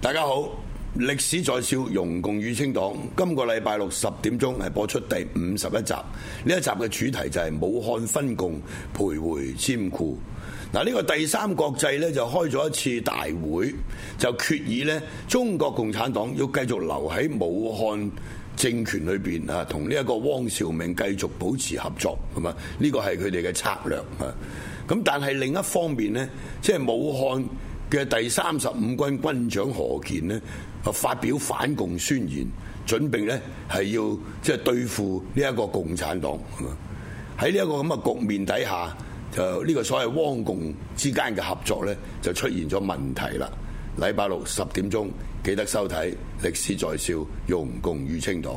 大家好，歷史在笑，容共與清黨。今個禮拜六十點鐘係播出第五十一集。呢一集嘅主題就係、是、武漢分共，徘徊瞻顧。嗱，呢、這個第三國際咧就開咗一次大會，就決議呢中國共產黨要繼續留喺武漢政權裏邊啊，同呢一個汪兆銘繼續保持合作，咁啊，呢、這個係佢哋嘅策略啊。咁但係另一方面呢，即係武漢。嘅第三十五軍軍長何鍵咧，啊發表反共宣言，準備咧係要即係對付呢一個共產黨。喺呢一個咁嘅局面底下，就呢個所謂汪共之間嘅合作呢，就出現咗問題啦。禮拜六十點鐘記得收睇《歷史在笑：容共與清黨》。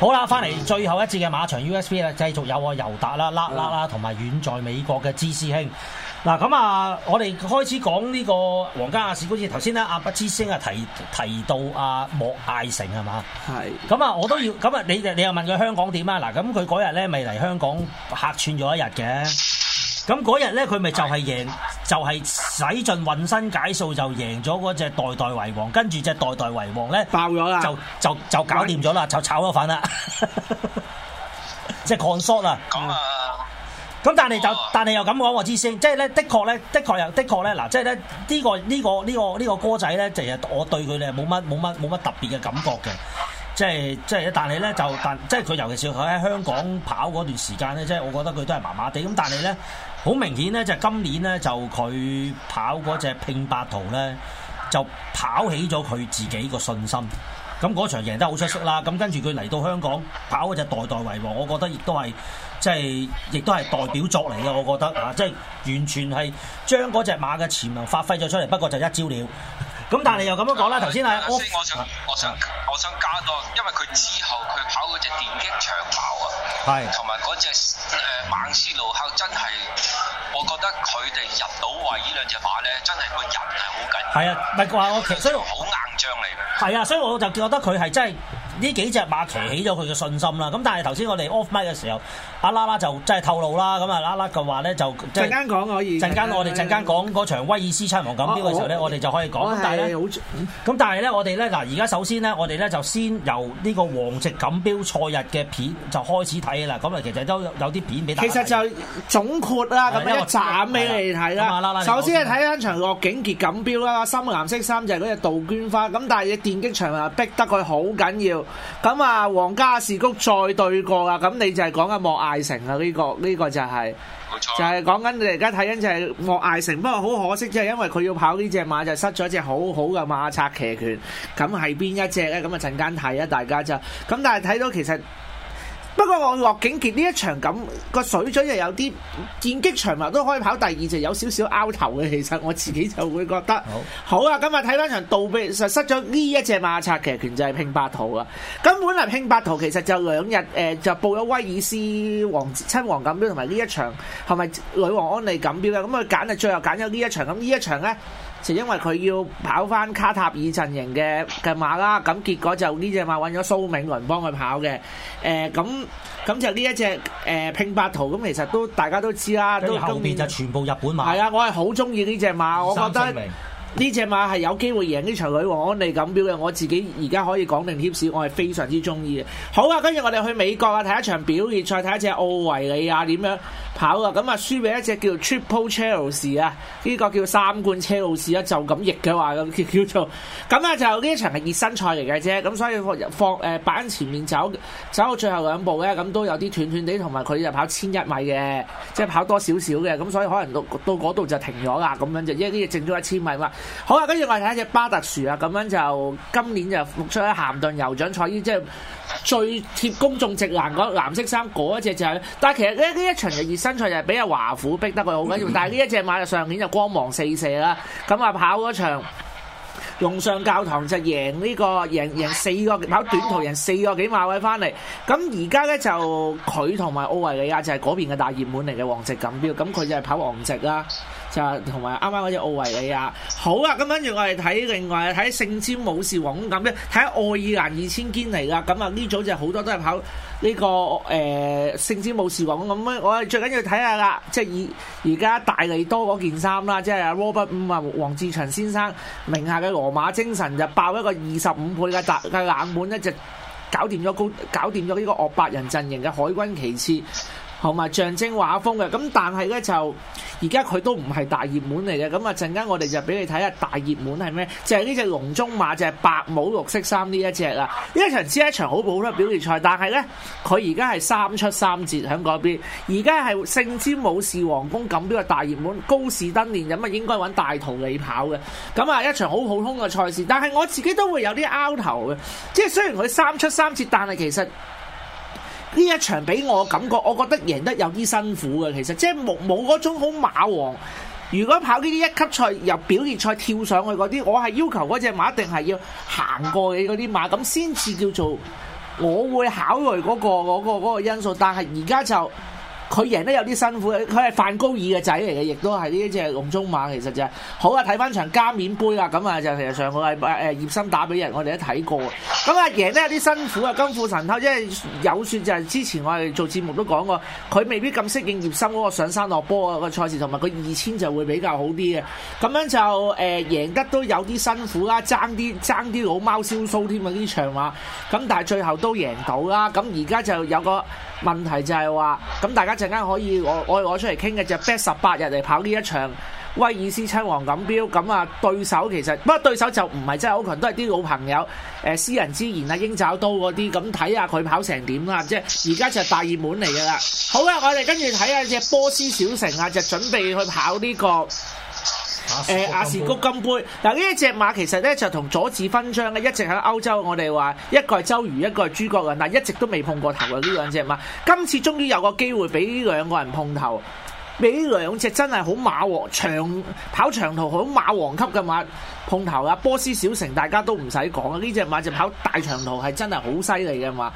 好啦，翻嚟最後一節嘅馬場 USB 啦，繼續有我尤達啦、LakLak 啦，同埋遠在美國嘅知師兄。嗱、啊，咁啊，我哋開始講呢個皇家雅士谷，好似頭先咧，阿不之星啊提提到阿、啊、莫艾成係嘛？係。咁是啊，我都要，咁啊，你你又問佢香港點啊？嗱，咁佢嗰日咧未嚟香港客串咗一日嘅。咁嗰日咧，佢咪就係贏，就係使盡渾身解數就贏咗嗰隻代代為王，跟住隻代代為王咧爆咗啦，就就就搞掂咗啦，就炒咗飯 啦，即係抗 short 啦，咁但係就，但係又咁講喎，知升，即係咧，的確咧，的確又的確咧，嗱，即係咧，呢個呢個呢個呢個歌仔咧，其實我對佢咧冇乜冇乜冇乜特別嘅感覺嘅。即係即係，但係咧就但即係佢，尤其是佢喺香港跑嗰段時間咧，即係我覺得佢都係麻麻地。咁但係咧，好明顯咧，就係今年咧就佢跑嗰隻拼八圖咧，就跑起咗佢自己個信心。咁嗰場贏得好出色啦。咁跟住佢嚟到香港跑嗰隻代代為王，我覺得亦都係即係亦都係代表作嚟嘅。我覺得啊，即係完全係將嗰隻馬嘅潛能發揮咗出嚟。不過就一招了。咁但係你又咁樣講啦，頭先係啊，我我想我想，我想加多，因為佢之後佢跑嗰隻電擊長跑啊，係同埋嗰隻誒猛獅路口，真係，我覺得佢哋入到位呢兩隻馬咧，真係個人係好緊要。係啊，唔係話我其實所以好以硬仗嚟㗎。係啊，所以我就覺得佢係真係。呢幾隻馬騎起咗佢嘅信心啦，咁但係頭先我哋 off mic 嘅時候，阿拉拉就真係透露啦，咁啊拉拉嘅話咧就即係陣間講可以，陣間我哋陣間講嗰場威爾斯親王錦標嘅時候咧，我哋我就可以講。咁我但係咧，咁但係咧、嗯，我哋咧嗱，而家首先咧，我哋咧就先由呢個皇席錦標賽日嘅片就開始睇啦。咁啊，其實都有啲片俾大家其實就總括啦，咁樣一斬俾你睇啦、嗯。首先係睇緊場洛景傑錦標啦，深藍色衫就係嗰隻杜鵑花，咁但係嘅電擊場又逼得佢好緊要。咁啊，皇家雅士谷再對過啊！咁你就係講緊莫艾城啊，呢、呢個呢、呢個就係、是，冇錯就係講緊你哋而家睇緊就係莫艾城。不過好可惜，即係因為佢要跑隻、就是、隻隻呢隻馬就失咗隻好好嘅馬策騎權，咁係邊一隻咧？咁啊，陣間睇啊，大家就，咁但係睇到其實。不過我落景杰呢一場，咁個水準又有啲見擊場嘛，都可以跑第二隻，有少少拗頭嘅。其實我自己就會覺得好。好啦，今日睇翻場打比實，失咗呢一隻馬擦，其實拳就係拼八圖啊。咁本來拼八圖其實就兩日誒、呃，就報咗威爾斯王親王錦標同埋呢一場，係咪女王安妮錦標咧？咁佢揀啊，最後揀咗呢一場。咁呢一場咧，就因為佢要跑翻卡塔爾陣營嘅嘅馬啦，咁結果隻、呃、就呢隻馬揾咗蘇銘倫幫佢跑嘅，誒咁咁就呢一隻誒拼白圖，咁其實都大家都知啦，都都後面就全部日本馬。係啊，我係好中意呢隻馬，我覺得。呢隻馬係有機會贏呢場女王安利錦標嘅，我自己而家可以講定 tips，我係非常之中意嘅。好啊，跟住我哋去美國啊，睇一場表演，而再睇一隻奧維利亞點樣跑啊。咁啊，輸俾一隻叫 Triple Charles 啊，呢個叫三冠車路士啊，就咁譯嘅話咁叫做。咁啊，就呢一場係熱身賽嚟嘅啫，咁所以放放板、呃、前面走走到最後兩步咧，咁都有啲斷斷地，同埋佢就跑千一米嘅，即係跑多少少嘅，咁所以可能到到嗰度就停咗啦，咁樣就因為呢隻剩咗一千米嘛。好啦，跟住我哋睇隻巴特樹啦，咁樣就今年就復出咗咸頓酋長賽，依即係最貼公眾直欄嗰藍色衫嗰隻就係。但係其實咧，呢一場嘅熱身賽，就比阿華府逼得佢好緊要。但係呢一隻馬上年就光芒四射啦，咁啊跑嗰場用上教堂就贏呢、這個贏贏四個跑短途贏四個幾馬位翻嚟。咁而家咧就佢同埋奧維利亞就係、是、嗰邊嘅大熱門嚟嘅王直錦標，咁佢就係跑王直啦。就同埋啱啱嗰隻奧維利亞，好啊！咁跟住我哋睇另外睇聖尖武士王咁嘅，睇愛爾蘭二千堅尼啦。咁啊呢組就好多都係跑呢、這個誒、呃、聖尖武士王咁。咁我哋最緊要睇下啦，即係以而家大利多嗰件衫啦，即係阿羅拔五啊黃志祥先生名下嘅羅馬精神就爆一個二十五倍嘅大嘅冷門咧，就搞掂咗高搞掂咗呢個俄百人陣營嘅海軍其次，同埋象徵畫風嘅，咁但係咧就而家佢都唔係大熱門嚟嘅，咁啊陣間我哋就俾你睇下大熱門係咩，就係呢隻龍中馬，就係、是、白帽綠色衫呢一隻啦。呢場只係一場好普通嘅表列賽，但係咧佢而家係三出三捷喺嗰邊，而家係聖占士宮錦標嘅大熱門高士登年，咁啊應該揾戴圖利跑嘅，咁啊一場好普通嘅賽事，但係我自己都會有啲拗頭嘅，即係雖然佢三出三捷，但係其實。呢一場俾我感覺，我覺得贏得有啲辛苦嘅，其實即係冇冇嗰種好馬王。如果跑呢啲一級賽、又表列賽跳上去嗰啲，我係要求嗰隻馬一定係要行過去嗰啲馬，咁先至叫做我會考慮嗰、嗰個嗰嗰、嗰個嗰個因素。但係而家就。佢贏得有啲辛苦，佢係范高爾嘅仔嚟嘅，亦都係呢一隻龍中馬。其實就係、是、好啊，睇翻場加冕杯啦，咁啊就其實上個係誒葉森打俾人，我哋都睇過。咁啊贏得有啲辛苦啊，金庫神偷，即係有說就係之前我哋做節目都講過，佢未必咁適應葉森嗰個上山落波啊個賽事，同埋佢二千就會比較好啲嘅。咁樣就誒、呃、贏得都有啲辛苦啦，爭啲爭啲老貓燒鬚添啊呢場話，咁但係最後都贏到啦。咁而家就有個。問題就係話，咁大家陣間可以我我我攞出嚟傾嘅就係、Best 十八日嚟跑呢一場威爾斯親王錦標，咁啊對手其實不過對手就唔係真係好強，都係啲老朋友，誒私人之言啊，鷹爪刀嗰啲，咁睇下佢跑成點啦，即係而家就係大熱門嚟噶啦。好啦，我哋跟住睇下隻波斯小城啊，就準備去跑呢、呢個。誒、呃，雅士谷金杯嗱，呢、呃、一隻馬其實咧就同佐治勳章咧一直喺歐洲我，我哋話一個係周瑜，一個係諸葛亮，但一直都未碰過頭嘅呢兩隻馬，今次終於有個機會俾兩個人碰頭，俾兩隻真係好馬王長跑長途好馬王級嘅馬碰頭啦。波斯小城大家都唔使講啊，呢隻馬就跑大長途係真係好犀利嘅嘛。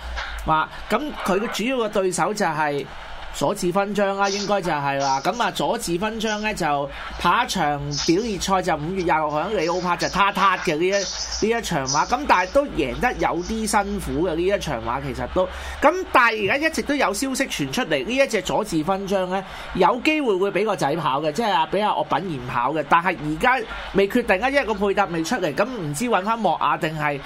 馬咁佢嘅主要嘅對手就係、是。佐治勳章啦，應該就係啦。咁啊，佐治勳章咧就跑一場表演賽，就五月廿六號喺李奧帕就他他嘅呢一呢一場話。咁但係都贏得有啲辛苦嘅呢一場話，其實都咁。但係而家一直都有消息傳出嚟，呢一隻佐治勳章咧有機會會俾個仔跑嘅，即係啊俾阿岳品賢跑嘅。但係而家未決定啊，因為個配搭未出嚟，咁唔知揾翻莫雅定係岳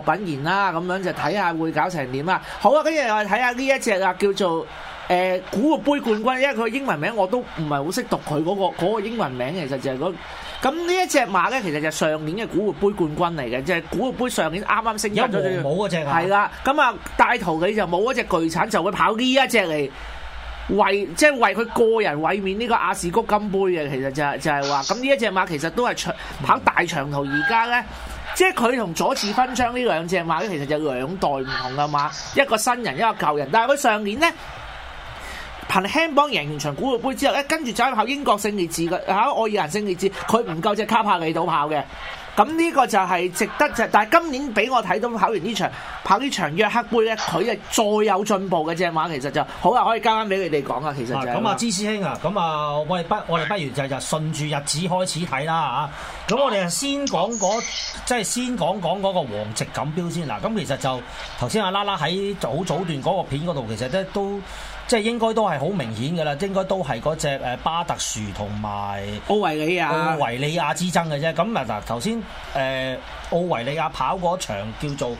品賢啦。咁樣就睇下會搞成點啦。好啊，跟住我睇下呢一隻啊，叫做。誒古活杯冠軍，因為佢英文名我都唔係好識讀，那個，佢、那、嗰個英文名其實就係嗰咁呢一隻馬咧，其實就，那個、其實就上年嘅古活杯冠軍嚟嘅，就係、是、古活杯上年啱啱升級嘅。冇嗰隻啊？係啦的，咁啊帶頭佢就冇嗰隻巨產，就會跑呢一隻嚟為即係、就是、為佢個人衛冕呢個雅士谷金杯嘅，其實就係、是、就係話咁呢一隻馬其實都係長跑大長途呢，而家咧即係佢同佐治勳章呢兩隻馬咧，其實就兩代唔同嘅嘛，一個新人一個舊人，但係佢上年咧。憑輕幫贏完場古活杯之後咧，跟住走去考英國聖烈治。嘅嚇愛爾蘭聖烈治，佢唔夠隻卡帕尼島跑嘅，咁呢個就係值得就，但係今年俾我睇到考完呢場跑呢場約克杯咧，佢係再有進步嘅，隻馬其實就好啊，可以交翻俾你哋講啊，其實就咁、是、啊，芝、啊、師兄啊，咁啊，我哋不我哋不如就就順住日子開始睇啦嚇，咁、啊、我哋先講嗰即係先講講嗰個皇席錦標先嗱，咁其實就頭先阿拉拉喺早早段嗰個片嗰度，其實咧都。即係應該都係好明顯嘅啦，應該都係嗰隻誒巴特殊同埋奧維利亞、奧維利亞之爭嘅啫。咁嗱嗱頭先誒奧維利亞跑嗰場叫做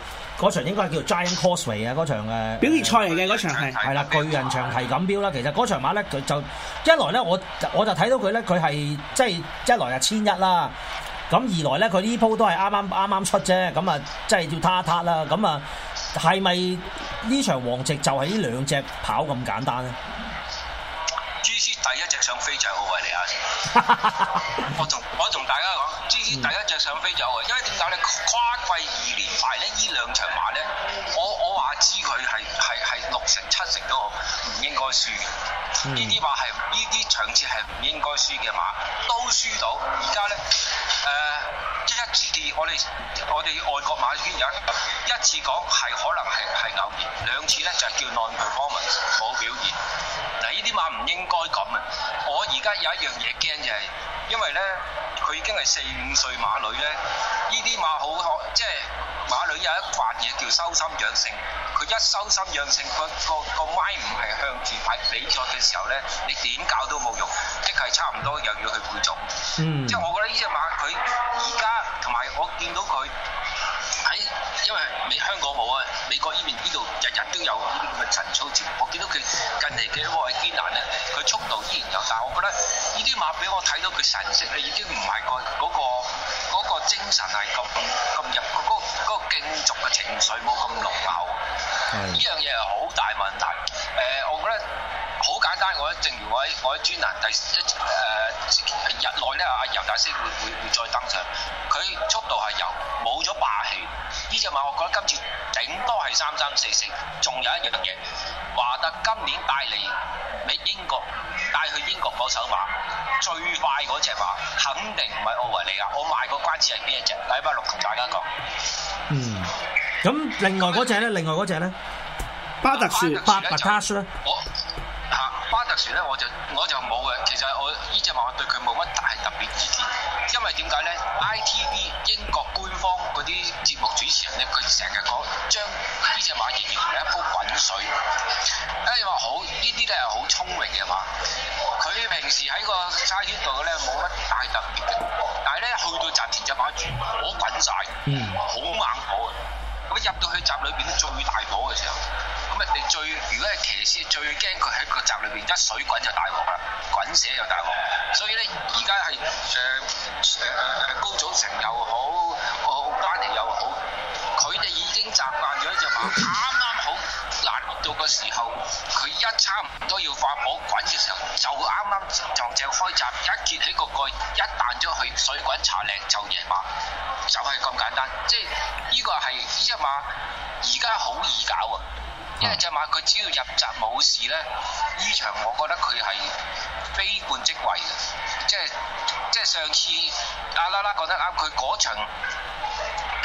嗰場應該係叫做 Giant Causeway 啊，嗰場誒表現賽嚟嘅嗰場係係啦巨人堤錦標啦。其實嗰場馬咧佢就一來咧我我就睇到佢咧佢係即係一來係千一啦，咁二來咧佢呢鋪都係啱啱啱啱出啫，咁啊即係叫他他他「塌塌啦，咁啊。係咪呢場王直就係呢兩隻跑咁簡單咧？一隻想飛就好啊！你啊，我同我同大家講，支持第一隻想飛就好，因為點解咧？跨季二連敗咧，呢兩場馬咧，我我話知佢係係係六成七成都好，唔應該輸，呢啲話係呢啲場次係唔應該輸嘅馬都輸到，而家咧誒即係一次我哋我哋外國馬圈有一次講係可能係係偶然，兩次咧就係叫 non performance 冇表現。嗱，呢啲馬唔應該咁啊！我而家有一樣嘢驚就係，因為咧佢已經係四五歲馬女咧，呢啲馬好可，即係馬女有一個嘢叫收心養性。佢一收心養性，個個個麥唔係向住比比賽嘅時候咧，你點搞都冇用，即係差唔多又要去配種。嗯、即係我覺得呢隻馬佢而家同埋我見到佢。因為美香港冇啊，美國呢邊呢度日日都有呢啲咁嘅晨操節目。我見到佢近嚟嘅喎，係艱難咧，佢速度依然有，但係我覺得呢啲馬俾我睇到佢神色咧，已經唔係、嗰個嗰、嗰個嗰個精神係咁咁入，嗰、嗰個嗰、嗰個、嗰個、競逐嘅情緒冇咁濃厚。呢樣嘢係好大問題，誒，我覺得好簡單。我正如我喺我喺專欄第誒日內咧，阿尤達大師會會會再登上，佢速度係有，冇咗霸氣。呢隻馬我覺得今次頂多係三三四四，仲有一樣嘢話特今年帶嚟美英國帶去英國嗰首馬最快嗰隻馬，肯定唔係奧維利亞。我賣個關子係邊一隻？禮拜六同大家講。嗯。咁另外嗰隻咧，另外嗰隻咧，巴特樹，巴特卡樹咧，我哈巴特樹咧，我就我就冇嘅。其實我呢隻馬我對佢冇乜大特別意見，因為點解咧？ITV 英國官方嗰啲節目主持人咧，佢成日講將呢隻馬形容係一煲滾水。啊，你話好呢啲咧係好聰明嘅馬，佢平時喺個沙圈度嘅咧冇乜大特別嘅，但係咧去到集田就馬全火滾晒，嗯，好猛火嘅。入到去閘裏邊最大火嘅時候，咁啊哋最，如果係騎師最驚佢喺個閘裏邊一水滾就大鑊啦，滾死又大鑊。所以咧，而家係誒誒誒高祖成又好，阿阿班尼又好，佢哋已經習慣咗，就佢啱啱好難到嘅時候，佢一差唔多要發火滾嘅時候，就啱啱撞正開閘，一揭起個蓋一彈咗去，水滾茶靚就贏馬。就係咁簡單，即係呢、呢個係依隻馬，而家好易搞啊！因為、嗯、隻馬佢只要入閘冇事咧，呢場我覺得佢係非冠即位嘅，即係即係上次阿啦啦講得啱，佢嗰場。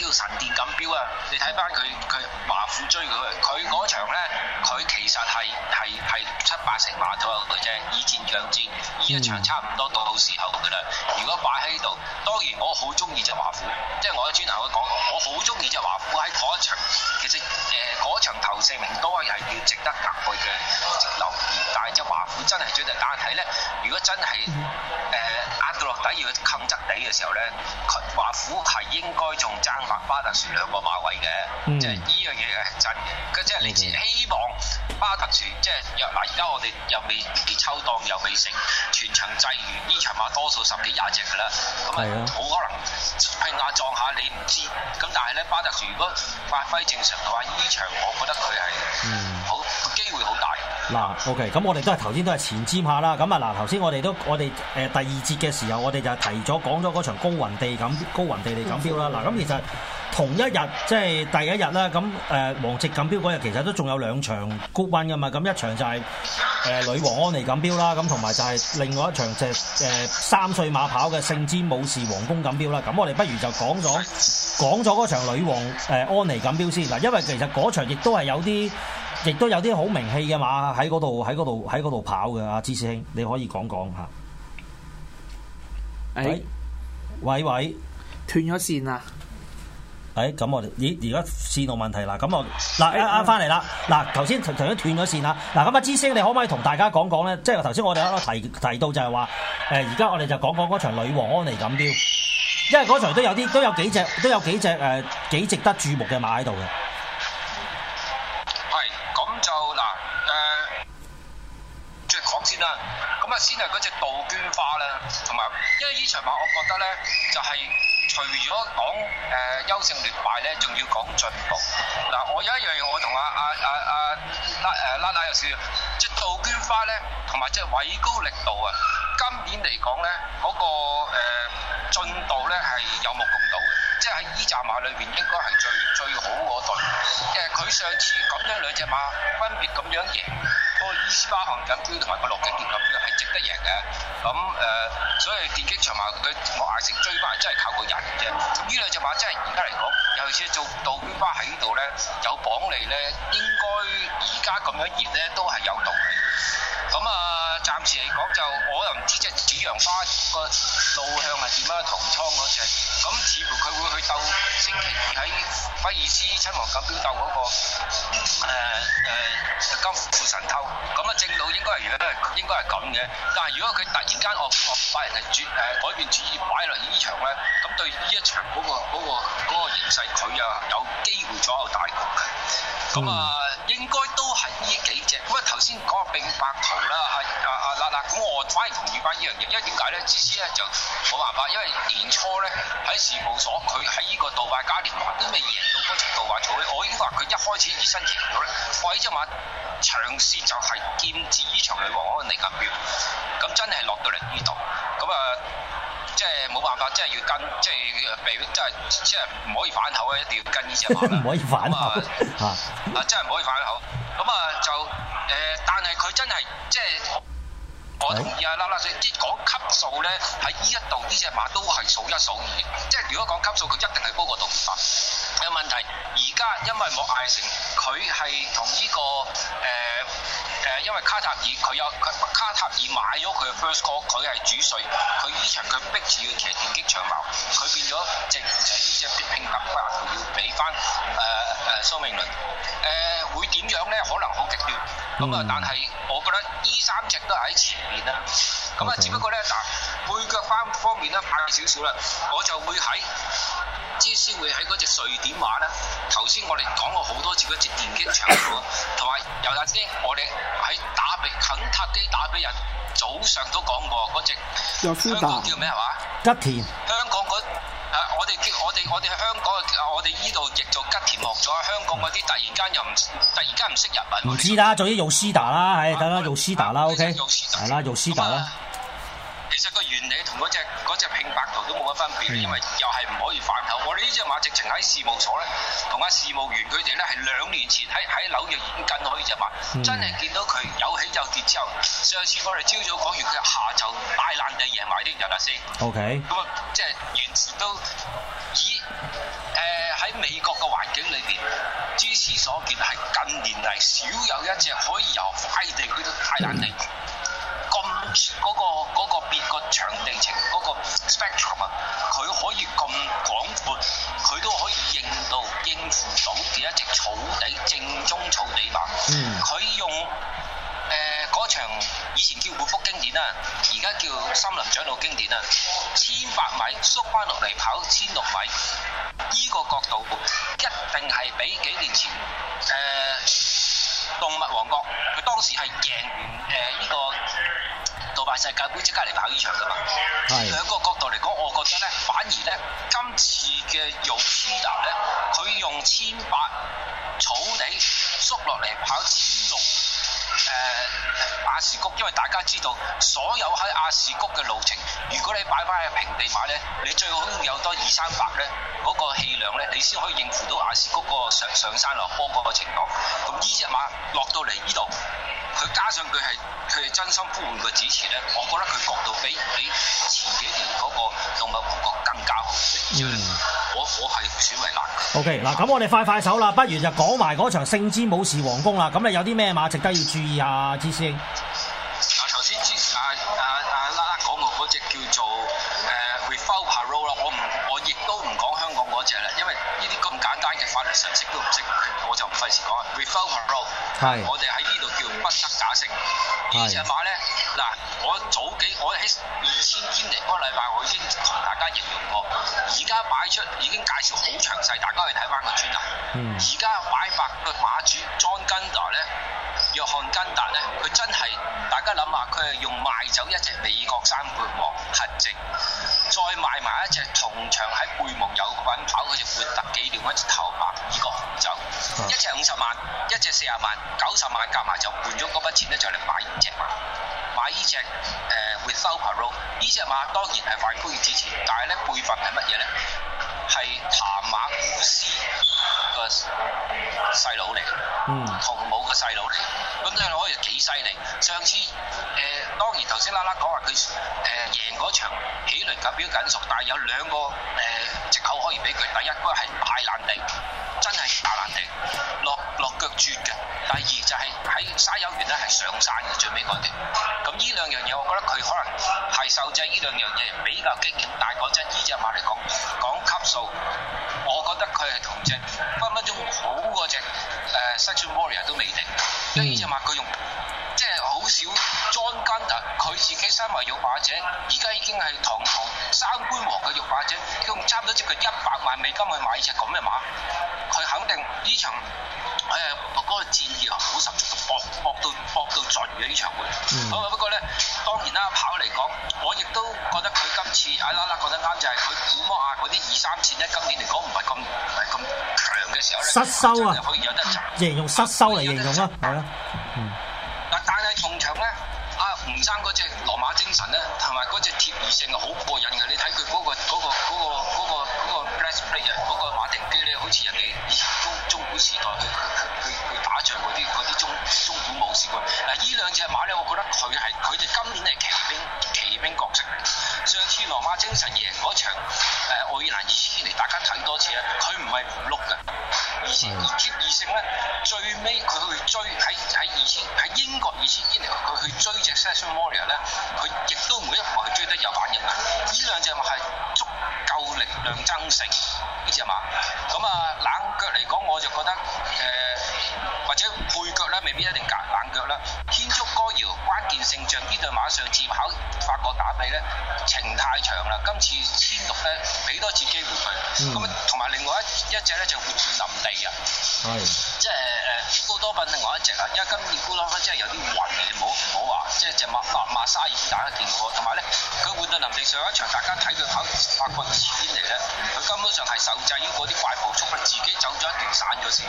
叫神殿錦標啊！你睇翻佢，佢華府追佢，佢嗰場咧，佢其實係係係七八成馬桶嘅嗰隻，以戰養戰，呢一場差唔多到時候嘅啦。如果擺喺度，當然我好中意隻華府，即係我專頭去講，我好中意隻華府喺嗰一場。其實誒嗰、呃、場頭四名都係係要值得攞去嘅留意，但係隻華府真係最。但係咧，如果真係誒。呃抵要坑質地嘅時候咧，華府係應該仲爭埋巴特樹兩個馬位嘅，即係呢樣嘢係真嘅。咁即係你希望巴特樹，即係若嗱，而家我哋又未，未抽檔又未成全，全場制完呢場馬多數十幾廿隻㗎啦，咁好可能係壓撞下你唔知。咁但係咧，巴特樹如果發揮正常嘅話呢場我覺得佢係嗯好機會好大。嗱，OK，咁我哋都係頭先都係前瞻下啦，咁啊嗱，頭先我哋都我哋誒第二節嘅時候，我哋就係提咗講咗嗰場高雲地錦高雲地地錦標啦，嗱，咁其實。同一日即係第一日啦，咁誒皇席錦標嗰日其實都仲有兩場 G1 嘅嘛，咁一場就係、是、誒、呃、女王安妮錦標啦，咁同埋就係另外一場就係、是、誒、呃、三歲馬跑嘅聖占士王宮錦標啦。咁我哋不如就講咗講咗嗰場女王誒、呃、安妮錦標先嗱，因為其實嗰場亦都係有啲亦都有啲好名氣嘅馬喺嗰度喺嗰度喺嗰度跑嘅，阿、啊、芝師兄你可以講講嚇、啊欸。喂，喂喂，斷咗線啊！誒咁，哎，我哋而而家線路問題啦，咁我嗱啱啱翻嚟啦嗱，頭先頭頭先斷咗線啦嗱，咁啊知星，你可唔可以同大家講講咧？即係頭先我哋提提到就係話誒而家我哋就講講嗰場女王安妮錦標，因為嗰場都有啲都有幾隻都有幾隻誒、呃、幾值得注目嘅馬喺度嘅。係咁就嗱誒，著講先啦。咁、呃、啊先係嗰隻杜鵑花啦，同埋因為呢場馬我覺得咧就係、是。除咗講誒優勝劣敗咧，仲要講進步。嗱，我有一樣嘢，我同阿阿阿阿拉誒拉拉有少，即杜鵑花咧，同埋即位高力度。啊，今年嚟講咧，嗰個誒進度咧係有目共睹嘅，即喺 E 站馬裏邊應該係最最好嗰隊，因佢上次咁樣兩隻馬分別咁樣贏。個伊斯巴罕緊彪同埋個羅景業咁彪係值得贏嘅，咁、嗯、誒、呃，所以電擊長矛佢學艾成追翻，真係靠個人嘅啫。咁呢兩隻馬真係而家嚟講，尤其是做導兵花喺呢度咧，有磅利咧，應該而家咁樣熱咧，都係有道理。咁啊，暫時嚟講就我又唔知即係紫陽花個路向係點樣。同倉嗰隻，咁似乎佢會去鬥星期二喺威爾斯親王錦標鬥嗰個誒、呃呃、金福神偷。咁、嗯、啊，正路應該係應該係咁嘅。但係如果佢突然間哦哦把人係主誒改變主意擺落呢場咧，咁對呢一場嗰、那個嗰形勢，佢、那、又、個那個那個、有機會左右大局。咁、嗯、啊。嗯應該都係呢幾隻咁啊！頭先講個並白圖啦，啊啊啊嗱嗱！咁我反而同意翻一樣嘢，因為點解咧？芝芝咧就冇辦法，因為年初咧喺事務所佢喺呢個杜拜嘉年華都未贏到嗰場杜拜賽，我已經話佢一開始以身贏到咧。我呢隻馬長線就係見住呢場女王安妮錦標，咁真係落到嚟呢度咁啊！即係冇辦法，即係要跟，即係未必，即係即係唔可以反口啊！一定要跟呢隻馬啦，唔可以反口啊！啊，真係唔可以反口。咁嘛 啊就誒、呃，但係佢真係即係我同意啊！拉拉聲，即係講級數咧，喺呢一度呢隻馬都係數一數二。即係如果講級數，佢一定係高過杜絕發。有問題，而家因為冇嗌成，佢係同呢個誒。呃誒，因為卡塔爾佢有卡卡塔爾買咗佢嘅 first call 佢係主帥，佢呢場佢逼住佢騎電擊長矛，佢變咗直誒呢隻平局難度要俾翻誒誒蘇銘倫誒會點樣咧？可能好極端咁啊！嗯、但係我覺得呢三隻都喺前面啦，咁啊、嗯，只不過咧嗱，嗯、背腳方方面咧快少少啦，我就會喺。知先會喺嗰隻瑞典話啦，頭先我哋講過好多次嗰隻電擊場館，同埋尤達師，我哋喺打俾肯塔基打俾人，早上都講過嗰隻。香港叫咩係嘛？吉田。香港嗰我哋叫我哋我哋喺香港我哋依度亦做吉田忙咗，香港嗰啲突然間又唔突然間唔識日文，唔知啦，就依用斯達啦，係得啦，用斯達啦，OK，係啦，用斯達啦。其實個原理同嗰隻只拼白兔都冇乜分別，嗯、因為又係唔可以反口。我哋呢隻馬直情喺事務所咧，同阿事務員佢哋咧係兩年前喺喺紐約演緊嗰隻馬，嗯、真係見到佢有起有跌之後。上次我哋朝早講完佢，下晝大爛地贏埋啲人啊先。O K。咁啊，即係完全都以誒喺、呃、美國嘅環境裏邊，支持所見係近年嚟少有一隻可以由快地去到大爛地。嗯嗰、那個嗰、那個別個場地程嗰、那個 spectrum 啊，佢可以咁廣闊，佢都可以應到應付到嘅一隻草地，正宗草地馬。嗯，佢用誒嗰、呃、場以前叫活福經典啊，而家叫森林長老經典啊，千八米縮翻落嚟跑千六米，依、這個角度一定係比幾年前誒、呃、動物王國佢當時係贏完呢依個。辦世界杯即刻嚟跑呢場㗎嘛？呢兩個角度嚟講，我覺得咧，反而咧，今次嘅 Roguda 咧，佢用千八草地縮落嚟跑千六誒亞士谷，因為大家知道所有喺亞士谷嘅路程。如果你擺翻喺平地馬咧，你最起碼有多二三百咧，嗰個氣量咧，你先可以應付到雅士谷嗰個上上山落坡嗰個情況。咁呢隻馬落到嚟呢度，佢加上佢係佢係真心呼喚佢支持咧，我覺得佢角度比比前幾年嗰個動物王國更加好。嗯，我我係選為難。O K，嗱咁我哋快快手啦，不如就講埋嗰場聖之武士皇宮啦。咁啊有啲咩馬值得要注意啊，芝師？反正常識都唔識，我就唔費事講。Refund and roll，我哋喺呢度叫不得假釋。呢是隻馬咧。嗱，我早幾，我喺二千天嚟嗰個禮拜，我已經同大家形容過。而家擺出已經介紹好詳細，大家去睇翻個專欄。而家擺發個馬主莊根達咧，約翰根達咧，佢真係大家諗下，佢係用賣走一隻美國三冠王核靜，再賣埋一隻同場喺貝蒙有品跑嗰隻豁得紀念嗰隻頭白，二個就、啊、一隻五十萬，一隻四十萬，九十萬夾埋就換咗嗰筆錢咧，就嚟、是、買五隻馬。呢隻誒，會收盤路，呢隻馬當然係犯觀之前，但係咧輩份係乜嘢咧？係談馬古斯個細佬嚟，嗯， 同母個細佬嚟，咁兩佬可以幾犀利。上次誒，當然頭先啦啦講話佢誒贏場，起來較表緊，熟，但係有兩個誒借口可以俾佢第一，嗰係大難定。打難地落落腳轉嘅，第二就係、是、喺沙友園咧係上山嘅最尾嗰段。咁呢兩樣嘢，我覺得佢可能係受制呢兩樣嘢比較勁。但係講真，呢隻馬嚟講，講級數，我覺得佢係同隻分分鐘好過隻誒 Saxon Warrior 都未定。因為呢隻馬佢用即係好少 John Gunther 啊！佢自己身為育馬者，而家已經係堂堂三冠王嘅育馬者，佢用差唔多接近一百萬美金去買隻咁嘅馬，佢。呢場誒嗰個戰意啊，好十足，搏搏到搏到盡嘅呢場會。嗯。不過咧，當然啦，跑嚟講，我亦都覺得佢今次啊、哎、啦啦講得啱，就係佢估摸下嗰啲二三線咧，今年嚟講唔係咁唔係咁強嘅時候咧，真係、啊、可以有得即係用失收嚟形容咯，係嗱，但係同場咧，阿吳生嗰隻羅馬精神咧，同埋嗰隻貼地性係好過癮嘅。你睇佢嗰個嗰個嗰個。嗰個馬丁基咧，好似人哋中中古時代嘅去去打仗嗰啲啲中中古武士噉。嗱、嗯，呢兩隻馬咧，我覺得佢係佢哋今年係騎兵騎兵角色。上次羅馬精神贏嗰場誒愛爾蘭二千零，大家睇多次啦，佢唔係唔碌嘅。以前二二勝咧，最尾佢去追喺喺二千喺英國二千嚟，佢去追隻 Saxon Warrior 咧，佢亦都每一步係追得有反應啊！呢兩隻馬咪係足。力量增盛。係嘛、嗯？咁、嗯、啊，冷腳嚟講我就覺得誒或者配腳咧，未必一定夾冷腳啦。天足歌謠關鍵性仗呢對馬上接考法國打底咧，情太長啦。今次千六咧，俾多次機會佢。咁啊，同埋另外一一隻咧就換林地啊。係。即係誒誒，高多品另外一隻啊，因為今年孤狼咧真係有啲暈嘅，唔好唔好話即係隻馬馬沙爾打得勁過，同埋咧，佢換到林地上一場大家睇佢跑法國前邊嚟咧，佢根本上係手。就係要嗰啲怪步速，自己走咗一段散咗先。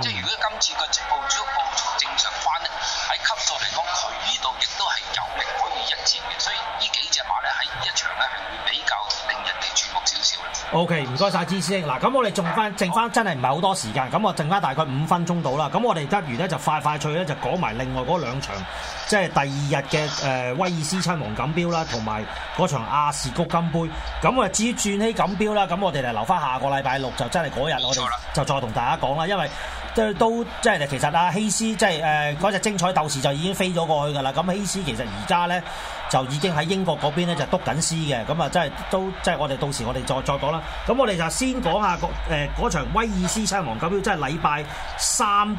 即係如果今次個直播主播正常翻咧，喺級數嚟講，佢呢度亦都係有名門所以呢幾隻馬咧喺呢一場咧比較令人哋注目少少啦。O K，唔該曬芝師兄，嗱咁我哋仲翻，剩翻真係唔係好多時間，咁、啊、我剩翻大概五分鐘到啦。咁我哋得餘咧就快快脆咧就講埋另外嗰兩場，即、就、係、是、第二日嘅誒威爾斯親王錦標啦，同埋嗰場雅士谷金杯。咁啊至於轉起錦標啦，咁我哋就留翻下個禮拜六就真係嗰日我哋就再同大家講啦，因為。都即係其實阿、啊、希斯即係誒嗰隻精彩鬥士就已經飛咗過去㗎啦。咁希斯其實而家咧就已經喺英國嗰邊咧就督緊絲嘅。咁啊，即係都即係我哋到時我哋再再講啦。咁我哋就先講下誒嗰、呃、場威爾斯親王錦標，即係禮拜三誒、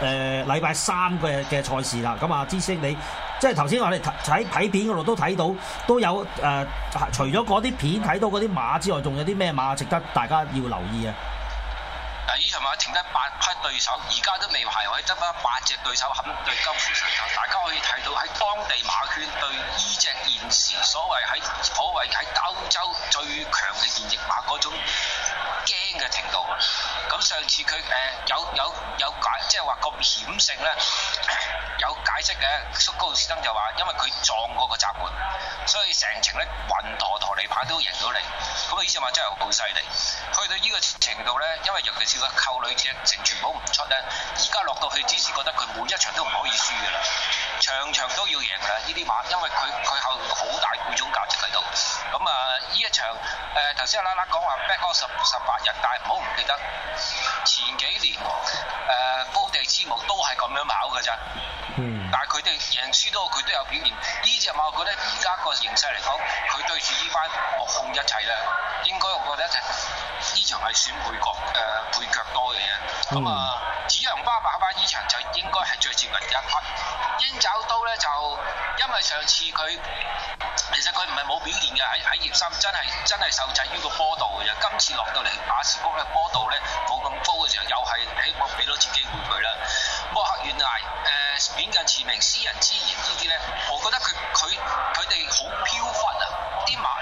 呃、禮拜三嘅嘅賽事啦。咁啊，芝士兄你即係頭先我哋睇睇片嗰度都睇到都有誒、呃，除咗嗰啲片睇到嗰啲馬之外，仲有啲咩馬值得大家要留意啊？嗱，呢場馬停得八匹對手，而家都未排位，得翻八隻對手肯對金虎神駒。大家可以睇到喺當地馬圈對呢隻現時所謂，喺可謂喺歐洲最強嘅現役馬嗰種。嘅程度，咁上次佢誒、呃、有有有解，即係話咁險勝咧、呃，有解釋嘅。叔高士生就話因為佢撞過個閘門，所以成程咧雲陀，陀陀利棒都贏到嚟。咁呢隻馬真係好犀利，去到呢個程度咧，因為尤其是個扣女只成全部唔出咧，而家落到去，只是覺得佢每一場都唔可以輸噶啦，場場都要贏啦。呢啲馬，因為佢佢後好大配種價值喺度。咁啊，呢、呃、一場誒頭先阿啦啦講話 back o 十十八日。呃但係唔好唔記得，前幾年誒高、呃、地之王都係咁樣跑嘅咋。嗯。但係佢哋贏輸都，佢都有表現。呢隻馬，我覺得而家個形勢嚟講，佢對住呢班，無控一切啦。應該我覺得就。呢場係選配角，誒、呃、配角多嘅嘢。咁啊、嗯，紫陽巴馬花呢場就應該係最接近一匹。鷹爪刀咧就因為上次佢，其實佢唔係冇表現嘅，喺喺葉心真係真係受制於個波度嘅啫。今次落到嚟雅士谷咧，波度咧冇咁高嘅時候，又係希望俾到自己機會啦。莫克遠崖誒勉強馳名，私人之言呢啲咧，我覺得佢佢佢哋好飄忽啊！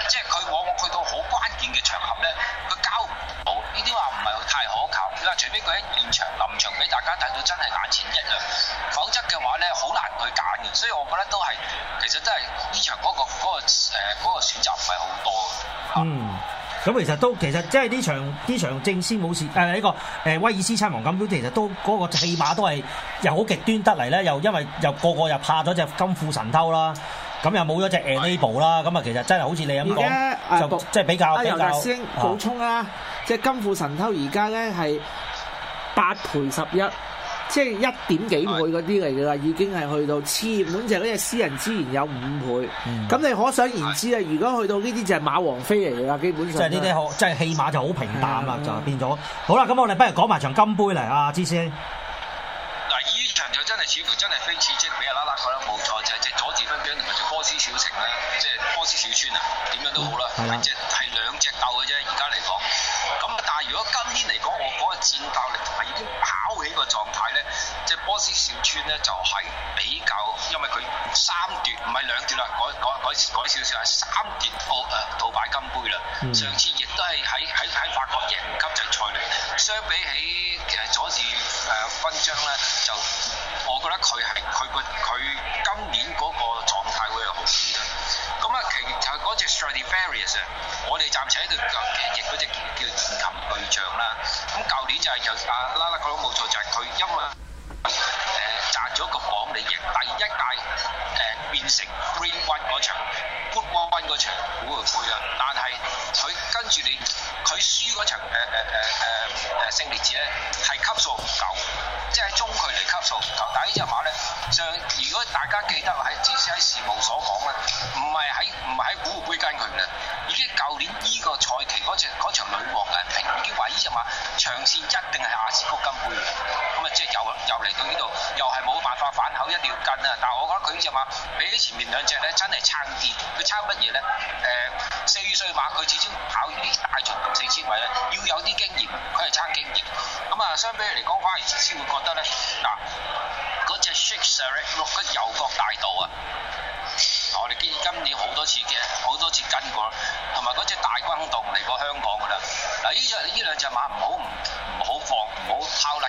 即係佢往往去到好關鍵嘅場合咧，佢搞唔到，呢啲話唔係太可靠。你話除非佢喺現場臨場俾大家睇到真係眼前一亮，否則嘅話咧，好難去揀嘅。所以我覺得都係，其實都係呢場嗰、嗰個嗰、嗰個誒嗰個選擇唔係好多，嗯，咁其實都其實即係呢場呢場正先冇事誒呢、呃呢個誒、呃、威爾斯親王咁都其實都嗰、嗰個起碼都係又好極端得嚟咧，又因為又個個又怕咗隻金庫神偷啦。咁又冇咗隻 enable 啦，咁啊其實真係好似你咁講，在就即係比較比較。尤達師兄、啊啊、補充啦、啊，即係金富神偷而家咧係八倍十一，即係一點幾倍嗰啲嚟㗎啦，已經係去到黐滿就嗰隻私人資源有五倍，咁、嗯、你可想而知啊？是的 如果去到呢啲就係馬王妃嚟㗎，基本上即係呢啲好，即係戲碼就好平淡啦，就變咗。是的 好啦，咁我哋不如講埋場金杯嚟啊，Chief 師兄。就真係似乎真係非此即彼啦，啦講得冇錯，就係即係阻分別同埋就波斯小城啦，即係波斯小村啊，點樣都好啦，係即係兩隻鬥嘅啫。而家嚟講，咁但係如果今年嚟講，我嗰個戰鬥力同埋已經跑起個狀態咧，即係波斯小村咧就係比較，因為佢三段唔係兩段啦，改改改少少係三段杜誒杜拜金杯啦。嗯、上次亦都係喺喺喺法國贏級際賽。相比起誒佐治誒勳、呃、章咧，就我覺得佢係佢個佢今年嗰個狀態會好啲啦。咁啊，其、那、就、個、係嗰隻 Stradivarius 啊，我哋暫時喺度講嘅嗰隻叫電琴巨象啦。咁舊年就係有啊啦啦，拉都冇錯，就係、是、佢因為。咗個榜，你贏第一屆誒變、呃、成 Green One 嗰場 Good One 嗰場古玉杯啦、啊。但係佢跟住你，佢輸嗰場誒誒誒誒誒勝劣咧係級數唔夠，即、就、係、是、中距離級數唔夠。但係呢隻馬咧，就如果大家記得喺即使喺事務所講啦，唔係喺唔係喺古玉杯跟佢嘅，已經舊年呢個賽期嗰場，場女王嘅平位呢隻馬，已經話依隻馬長線一定係雅士谷金杯嘅。咁、嗯、啊，即係又又嚟到呢度，又係冇。辦法反口一定要跟啊！但係我覺得佢呢隻馬比起前面兩隻咧，真係撐啲。佢撐乜嘢咧？誒，四歲馬佢始終跑完大場四千米咧，要有啲經驗，佢係撐經驗。咁啊，相比嚟講，反而先會覺得咧，嗱，嗰隻 Shakespeare 六嘅右角大道啊，我哋見今年好多次嘅，好多次跟過，同埋嗰隻大軍洞嚟過香港㗎啦。嗱，呢隻呢兩隻馬唔好唔唔好放唔好拋甩。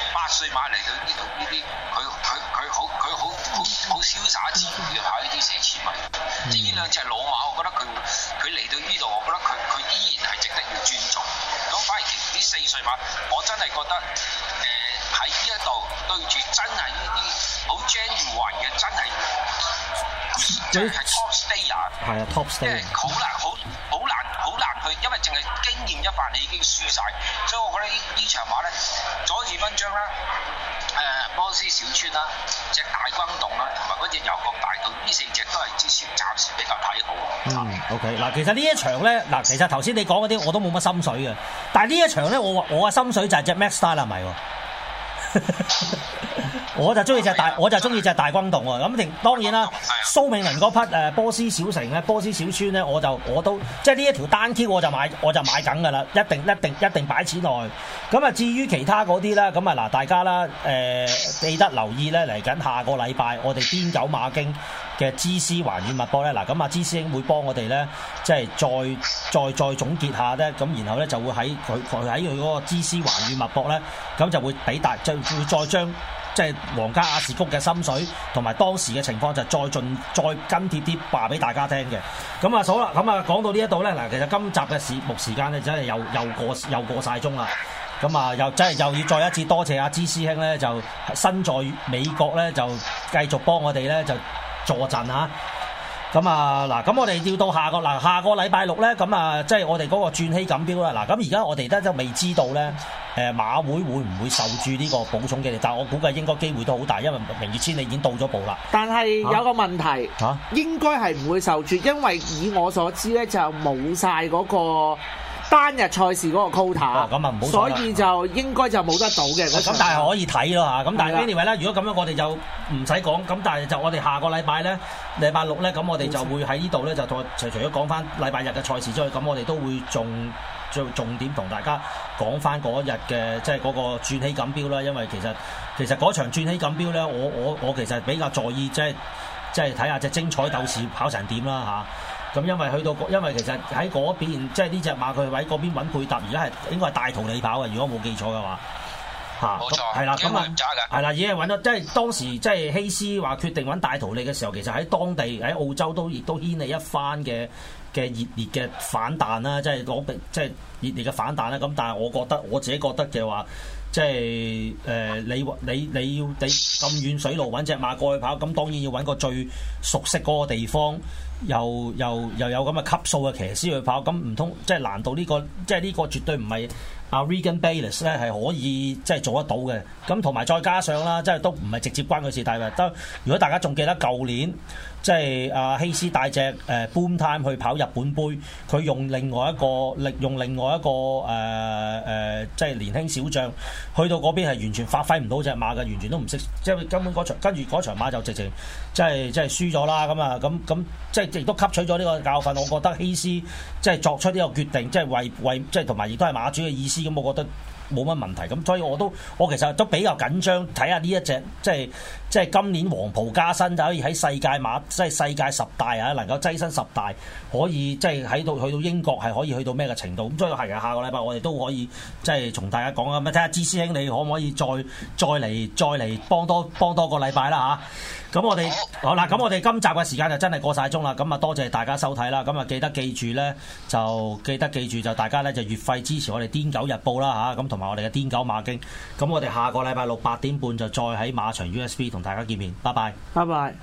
八歲馬嚟到呢度，呢啲佢佢佢好佢好好好瀟灑自要跑呢啲四千米，嗯、即係呢兩隻老馬，我覺得佢佢嚟到呢度，我覺得佢佢依然係值得要尊重。咁反而其實呢四歲馬，我真係覺得誒喺呢一度對住真係呢啲。好 genuine 嘅真係，最係你 top stayer 係啊，top stay，即係好難，好好難，好難去，因為淨係經驗一敗，你已經輸晒。所以我覺得場話呢呢場馬咧，佐治芬章啦，誒、呃、波斯小村啦，隻大軍洞啦，同埋嗰隻油角大隊，呢四隻都係至少暫時比較睇好。嗯，OK，嗱，其實呢一場咧，嗱，其實頭先你講嗰啲我都冇乜心水嘅，但係呢一場咧，我我嘅心水就係隻 Max Star 啦，係咪 我就中意隻大，我就中意隻大轟動喎。咁當然啦，蘇明倫嗰匹誒波斯小城咧，波斯小村咧，我就我都即係呢一條單 Q，我就買我就買緊噶啦，一定一定一定擺錢落去。咁啊至於其他嗰啲啦，咁啊嗱大家啦誒、呃、記得留意咧，嚟緊下，下個禮拜我哋天九馬經嘅 GC 環宇脈搏咧，嗱咁啊 GC 兄會幫我哋咧，即、就、係、是、再再再總結下咧，咁然後咧就會喺佢喺佢個 GC 環宇脈搏咧，咁就會俾大就會再將。即係皇家雅士谷嘅心水，同埋當時嘅情況就再進再跟貼啲話俾大家聽嘅。咁、嗯、啊好啦，咁、嗯、啊講到呢一度咧，嗱，其實今集嘅視目時間咧真係又又過又過曬鐘啦。咁啊又真係又要再一次多謝阿芝師兄咧，就身在美國咧就繼續幫我哋咧就助陣嚇。啊咁啊，嗱，咁我哋要到下個嗱，下個禮拜六咧，咁啊，即係我哋嗰個鑽禧錦標啦，嗱，咁而家我哋都未知道咧，誒馬會會唔會受注呢個補充嘅力，但係我估計應該機會都好大，因為明月千里已經到咗步啦。但係有個問題，啊啊、應該係唔會受注，因為以我所知咧，就冇晒嗰個。單日賽事嗰個 quota，咁唔好、哦嗯嗯、所以就應該就冇得到嘅。咁、嗯、但係可以睇咯嚇。咁是的 但係，Vinny 話咧，Anyway, 如果咁樣我，是的 我哋就唔使講。咁但係就我哋下個禮拜咧，禮拜六咧，咁我哋就會喺呢度咧，就除除咗講翻禮拜日嘅賽事之外，咁我哋都會重重點同大家講翻嗰日嘅，即係嗰個轉起錦標啦。因為其實其實嗰場轉起錦標咧，我我我其實比較在意，即係即係睇下隻精彩鬥士跑成點啦嚇。咁因為去到因為其實喺嗰邊，即係呢隻馬佢喺嗰邊揾配搭，而家係應該係大逃利跑嘅，如果冇記錯嘅話，嚇，冇錯，係啦的，咁啊，係啦，已經係揾咗，即係當時即係希斯話決定揾大逃利嘅時候，其實喺當地喺澳洲都亦都掀起一番嘅嘅熱烈嘅反彈啦，即係攞即係熱烈嘅反彈啦。咁但係我覺得我自己覺得嘅話，即係誒、呃、你你你咁遠水路揾隻馬過去跑，咁當然要揾個最熟悉嗰個地方。又又又有咁嘅級數嘅騎師去跑，咁唔通即係難度呢個？即係呢個絕對唔係阿 Regan Bayless 咧係可以即係做得到嘅。咁同埋再加上啦，即係都唔係直接關佢事，但係得。如果大家仲記得舊年，即係阿、啊、希斯大隻誒、啊、Boom Time 去跑日本杯，佢用另外一個力，用另外一個誒誒、啊啊，即係年輕小將去到嗰邊係完全發揮唔到隻馬嘅，完全都唔識，即係根本嗰場跟住嗰場馬就直情即係即係輸咗啦。咁啊咁咁即係。即係都吸取咗呢個教訓，我覺得希斯即係作出呢個決定，即係為為即係同埋亦都係馬主嘅意思，咁我覺得冇乜問題。咁所以我都我其實都比較緊張，睇下呢一隻即係即係今年黃袍加身就可以喺世界馬即係世界十大啊，能夠躋身十大，可以即係喺到去到英國係可以去到咩嘅程度？咁所以係啊，下個禮拜我哋都可以即係同大家講啊，咁睇下支師兄你可唔可以再再嚟再嚟幫多幫多個禮拜啦嚇。啊咁我哋好啦，咁我哋今集嘅時間就真係過晒鐘啦。咁啊，多謝大家收睇啦。咁啊，記得記住咧，就記得記住就大家咧就月費支持我哋《癲狗日報》啦嚇。咁同埋我哋嘅《癲狗馬經》。咁我哋下個禮拜六八點半就再喺馬場 USB 同大家見面。拜拜，拜拜。